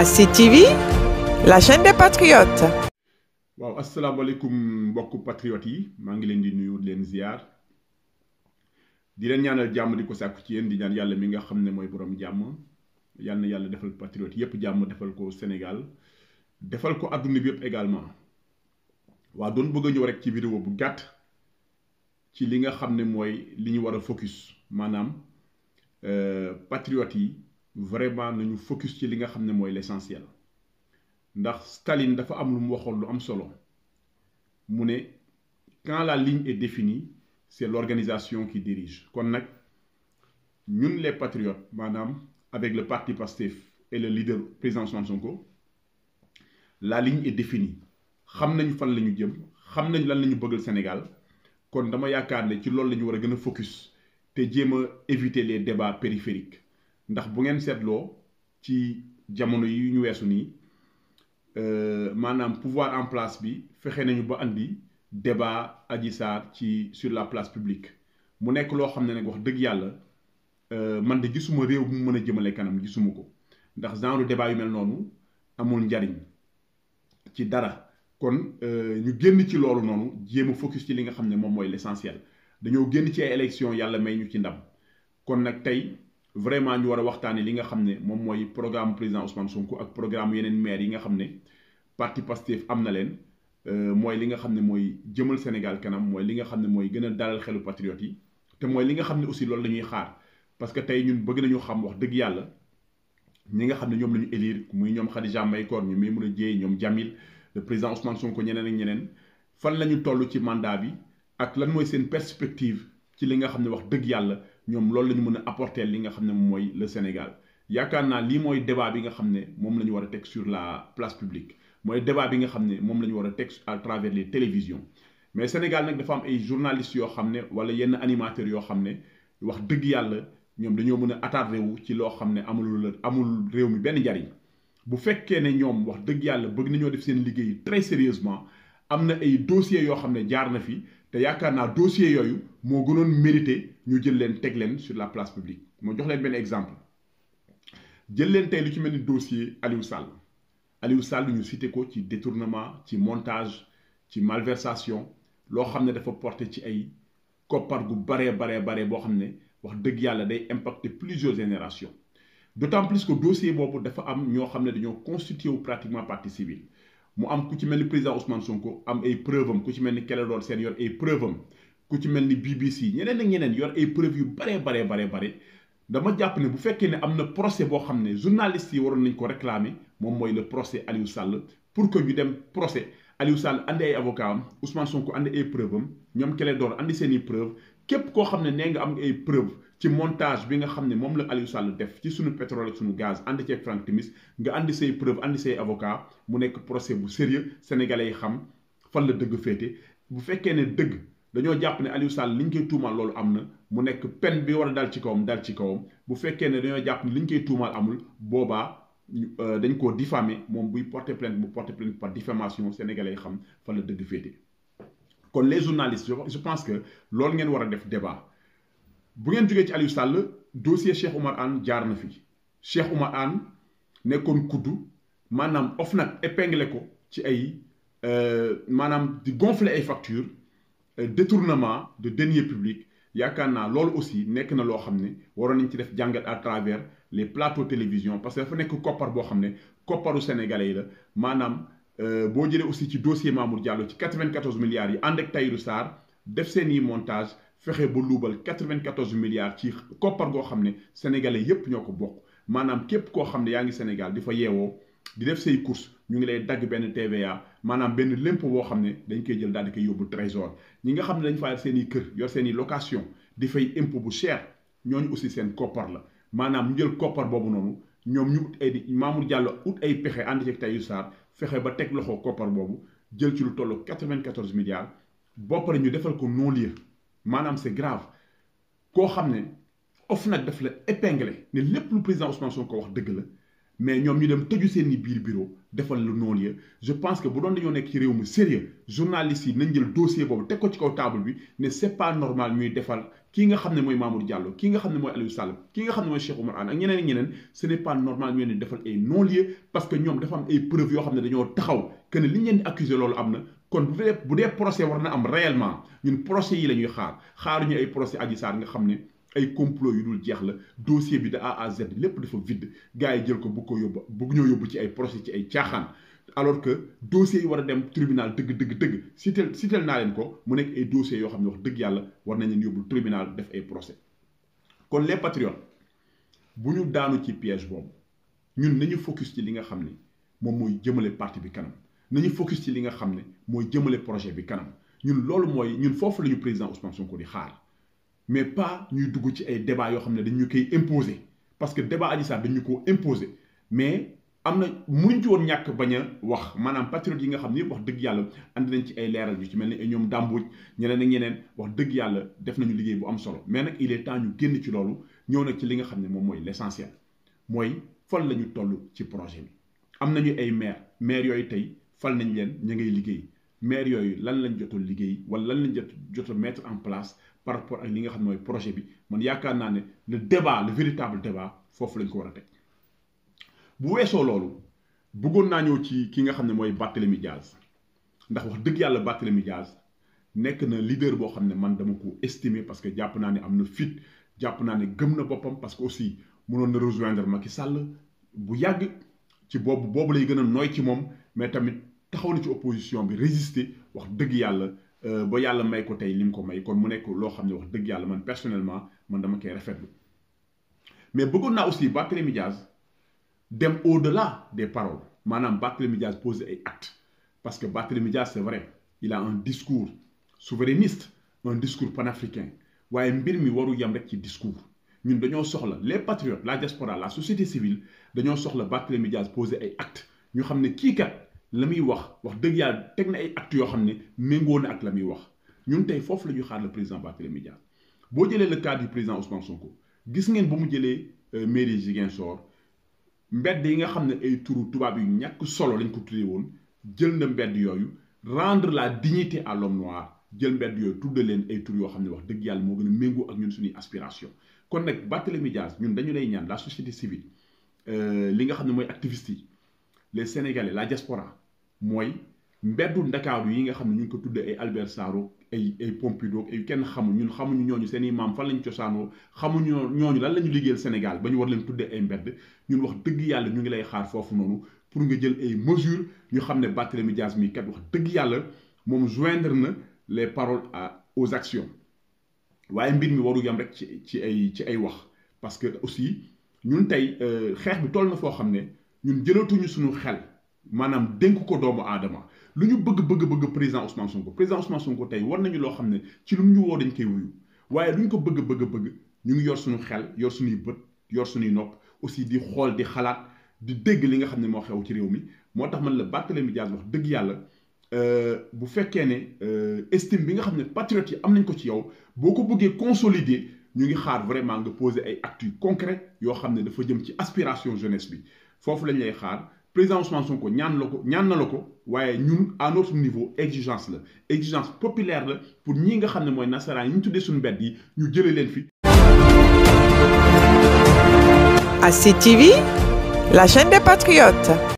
à CTV la chaîne des asalaamaaleykum mbokku patriotes yi maa ngi leen di nuyu leen ziar di leen ñaanal jàmm di ko sàkku ci yéen di ñaan yàlla mi nga xam ne mooy borom jàmm yal yàlla defal patriote yépp jàmm defal ko Sénégal defal ko adduna bi yépp également waa doon bëgg a ñëw rek ci vidéo bu gàtt ci li nga xam ne mooy li ñu war a focus maanaam euh, patriotes yi. vraiment nañu focus ci li nga xam ne mooy l'essentiel ndax Staline dafa am lu mu waxoon lu am solo mu ne quand la ligne est définie c'est l'organisation qui dirige kon nag ñun les patriotes maanaam avec le parti Pastef et le leader président Ousmane Sonko la ligne est définie xam nañ fan la ñu jëm xam nañ lan la ñu bëggal Sénégal kon dama yaakaar ne ci loolu la ñu war a gën a focus te jéem a éviter les débats périphériques ndax bu ngeen seetloo ci jamono yi ñu weesu nii euh, maanaam pouvoir en place bi fexe nañu ba andi débat Adji Sarr ci sur la place publique mu nekk loo xam ne nag wax dëgg yàlla euh, man de gisuma réew mu mën a jëmale kanam gisuma ko ndax genre débat yu mel noonu amul njariñ ci dara kon euh, ñu génn ci loolu noonu jéem a focus ci li nga xam ne moom mooy l'essentiel dañoo génn ci ay yàlla may ñu ci ndam kon nag tey vraiment ñu war a waxtaanee li nga xam ne moom mooy programme président Ousmane Sonko ak programme yeneen maire yi nga xam ne parti Pastef am na leen euh, mooy li nga xam ne mooy jëmal Sénégal kanam mooy li nga xam ne mooy gën a dalal xelu patriote yi te mooy li nga xam ne aussi loolu la ñuy xaar parce que tey ñun bëgg nañu xam wax dëgg yàlla ñi nga xam ne ñoom la ñu élire muy ñoom Khadija Mahécor ñu Maïmouna Dièye ñoom Jamil le président Ousmane Sonko ñeneen ak ñeneen fan la ñu toll ci mandat bi ak lan mooy seen perspective ci li nga xam ne wax dëgg yàlla ñoom loolu la ñu mën a apporter li nga xam ne mooy le Sénégal yaakaar naa lii mooy débat bi nga xam ne moom la ñu war a teg sur la place publique mooy débat bi nga xam ne moom la ñu war a teg à travers les télévisions mais Sénégal nag dafa am ay journalistes yoo xam ne wala yenn animateurs yoo xam ne wax dëgg yàlla ñoom dañoo mën a attardé wu ci loo xam ne amul la amul réew mi benn njariñ bu fekkee ne ñoom wax dëgg yàlla bëgg nañoo def seen liggéey très sérieusement am na ay dossiers yoo xam ne jaar na fi te yaakaar naa dossier yooyu moo gënoon mérité ñu jël leen teg leen sur la place publique moo jox leen benn exemple jël leen tey lu ci mel ni dossier Aliou Sall Aliou Sall ñu cité ko ci détournement ci montage ci malversation loo xam ne dafa porté ci ay koppar gu baree baree baree boo xam ne wax dëgg yàlla day impacter plusieurs générations d'autant plus que dossier boobu dafa am ñoo xam ne dañoo constitué wu pratiquement partie civile mu am ku ci mel ni président Ousmane Sonko am ay preuve ku ci mel ni Clédor seen yor ay preuve ku ci mel ni BBC ñeneen ak ñeneen yor ay preuve yu baree baree baree bare dama jàpp ne bu fekkee ne am na procès boo xam ne journaliste yi waroon nañ ko réclamer moom mooy le procès Aliou Sall pour que ñu dem procès Aliou Sall andi ay avocat am Ousmane Sonko andi ay preuve ñoom Clédor andi seen i preuve képp koo xam ne nee nga am ay preuve ci montage bi nga xam ne moom la Aliou Sall def ci suñu pétrole ak suñu gaz ànd ceeg Frank Timis nga indi say preuve àndi say avocat mu nekk procès bu sérieux sénégalais yi xam fan la dëgg féete bu fekkee ne dëgg dañoo jàpp ne Aliou Sall liñ koy tuumaal loolu am na mu nekk bi war a dal ci kawam dal ci kawam bu fekkee ne dañoo jàpp ne liñ koy tuumaal amul boobaa euh, dañ koo diffamé moom buy porter plainte bu porter plainte par diffamation sénégalais yi xam fan la dëgg féete kon les journalistes je pense que loolu ngeen war a def débat bu ngeen jógee ci Aliou Sall dossier Cheikh Oumar Anne jaar na fi Cheikh Oumar ann nekkoon kuddu maanaam OFNAC épinglé ko ci ay euh, maanaam di gonfler ay factures euh, détournement de deniers publics yaakaar naa loolu aussi nekk na loo xam ne waroon nañ ci def jàngat à travers les plateaux télévision parce que dafa nekk koppar boo xam ne kopparu sénégalais yi la maanaam euh, boo jëlee aussi ci dossier Mamour Diallo ci 94 milliards yi ànd ak Tahirou Sarr def seen i montage fexe ba luubal quatre vingt ci koppar goo xam ne sénégalais yépp ñoo ko bokk maanaam képp koo xam ne yaa ngi Sénégal di fa yeewoo di def say course ñu ngi lay dagg benn TVA maanaam benn lémp woo xam ne dañ koy jël daal di koy yóbbu trésor ñi nga xam ne dañ faa seen i kër yor seeni i location di fay impôt bu ñoo ñu aussi seen koppar la maanaam ñu jël koppar boobu noonu ñoom ñu ut ay Mamour Diallo ut ay pexe ànd ci Tahirou Sarr fexe ba teg loxo koppar boobu jël ci lu tollu 94 milliards boo pare ñu defal ko non-lieu maanaam c'est grave koo xam ne OFNAC daf la épinglé ne lépp lu président Ousmane Sonko ko wax dëgg la mais ñoom ñu dem tëju seen i biir bureau defal lu noonu ya je pense que bu doon dañoo nekk ci réew mu sérieux journalistes yi nañ jël dossier boobu teg ko ci kaw table bi ne c'est pas normal ñuy defal kii nga xam ne mooy Mamour Diallo kii nga xam ne mooy Aliou Sall kii nga xam ne mooy Cheikh Oumar Anne ak ñeneen ak ñeneen ce n'est pas normal ñu leen defal ay non ne dañoo taxaw ne li ñu leen loolu am kon bu dee bu dee procès war na am réellement ñun procès yi la ñuy xaar ñu ay procès Adji Sarr nga xam ni ay complot yu dul jeex la dossier bi de A à lépp dafa vide gars yi jël ko bëgg ko yóbbu bëgg ñoo yóbbu ci ay procès ci ay caaxaan alors que dossiers yi war a dem tribunal dëgg dëgg dëgg sitel sitel naa leen ko mu nekk ay dossiers yoo xam ne wax dëgg yàlla war nañ leen yóbbul tribunal def ay procès kon les patriotes bu ñu daanu ci piège boobu ñun nañu focus ci li nga xam ni moom mooy jëmale parti bi kanam nañu focus ci li nga xam ne mooy jëmale projet bi kanam ñun loolu mooy ñun foofu la ñu président Ousmane ko di xaar mais pas ñuy dugg ci ay débat yoo xam ne dañu koy imposer parce que débat Adji Sarr dañu ko imposer mais am na mënuñ joon ñàkk bañ a wax maanaam patriote yi nga xam ne yëpp wax dëgg yàlla andi nañ ci ay leeral yu ci mel ni ne ñoom dàmbuj ñeneen ak ñeneen wax dëgg yàlla def nañu liggéey bu am solo mais nag il est temps ñu génn ci loolu ñëw nag ci li nga xam ne moom mooy l'essentiel mooy fan la ñu toll ci projet bi am nañu ay maire maire yooyu tey fal nañ leen ñu ngay liggéey maire yooyu lan lañ joto liggéey wala lan lañ jot jot a en place par rapport ak li nga xam ne mooy projet bi man yaakaar naa ne le débat le véritable débat foofu lañ ko war a teg bu weesoo loolu bëggoon naa ñëw ci ki nga xam ne mooy Barthélémy Dias ndax wax dëgg yàlla Barthélémy Dias nekk na leader boo xam ne man dama ko estimer parce que jàpp naa ne am na fit jàpp naa ne gëm na boppam parce que aussi mënoon na rejoindre Macky Sall bu yàgg ci boobu boobu lay gën a nooy ci moom mais tamit taxaw na ci opposition bi résister wax dëgg yàlla euh, ba yàlla may ko tey li mu ko may kon mu nekk loo xam ne wax dëgg yàlla man personnellement man dama koy rafetlu mais bëggoon naa aussi Barthélémy Dias dem de delà des paroles maanaam Barthélémy Dias poser ay actes parce que Barthélémy Dias c'est vrai il a un discours souverainiste un discours panafricain waaye mbir mi waru yam rek ci discours ñun dañoo soxla les patriotes la diaspora la société civile dañoo soxla Barthélémy Dias poser ay actes ñu xam ne kii kat la muy wax wax dëgg yàlla teg na ay actes yoo xam ne méngoo na ak la muy wax ñun tey foofu la ñuy xaar le président Barthélémy Dias boo jëlee le cas du président Ousmane Sonko gis ngeen ba mu jëlee euh, mairie Ziguinchor mbedd yi nga xam ne ay turu tubaab yu ñàkk solo lañ ko tuddee woon jël na mbedd yooyu rendre la dignité à l'homme noir jël mbedd yooyu tudde leen ay tur yoo xam ne wax dëgg yàlla moo gën a méngoo ak ñun suñuy aspiration kon nag Barthélémy Dias ñun dañu lay ñaan la société civile euh, li nga xam ne mooy activistes yi les sénégalais la diaspora mooy mbeddu ndakaaru yi nga xam ne ñu ngi ko tuddee ay Albert Sarraut ay ay Pompidou ay kenn xamul ñun xamuñu ñooñu seen i maam fan lañ cosaanoo xamuñu ñooñu lan la ñu liggéeyal Sénégal ba ñu war leen tuddee ay mbedd ñun wax dëgg yàlla ñu ngi lay xaar foofu noonu pour nga jël ay mesures ñu xam ne Barthélémy Dias mi kat wax dëgg yàlla moom joindre na les paroles à aux actions waaye mbir mi waru yam rek ci ci ay ci ay wax parce que aussi ñun tey euh, xeex bi tool na foo xam ne ñun jëlatuñu suñu xel. maanaam dénk ko doomu aadama lu ñu bëgg bëgg bëgg président Ousmane Sonko président Ousmane Sonko tey war nañu loo xam ne ci lu mu ñu woo dañ koy wuyu waaye lu ñu ko bëgg bëgg bëgg ñu ngi yor suñu xel yor suñuy bët yor suñuy nopp aussi di xool di xalaat di dégg li nga xam ne moo xew ci réew mi moo tax man la Barthélémy Dias wax dëgg yàlla euh, bu fekkee ne euh, estime bi nga xam ne patriotes yi am nañ ko ci yow boo ko bëggee consolider ñu ngi xaar vraiment nga poser ay actes yu yoo xam ne dafa jëm ci aspiration jeunesse bi foofu lañ lay xaar président Ousmane ko ñaan la ko ñaan na la ko waaye ñun à notre niveau exigence la exigence populaire la pour ñi nga xam ne mooy nasaraan yi ñu tuddee suñu mbedd yi ñu jëlee leen fi. ASID TV la chaîne des patriotes.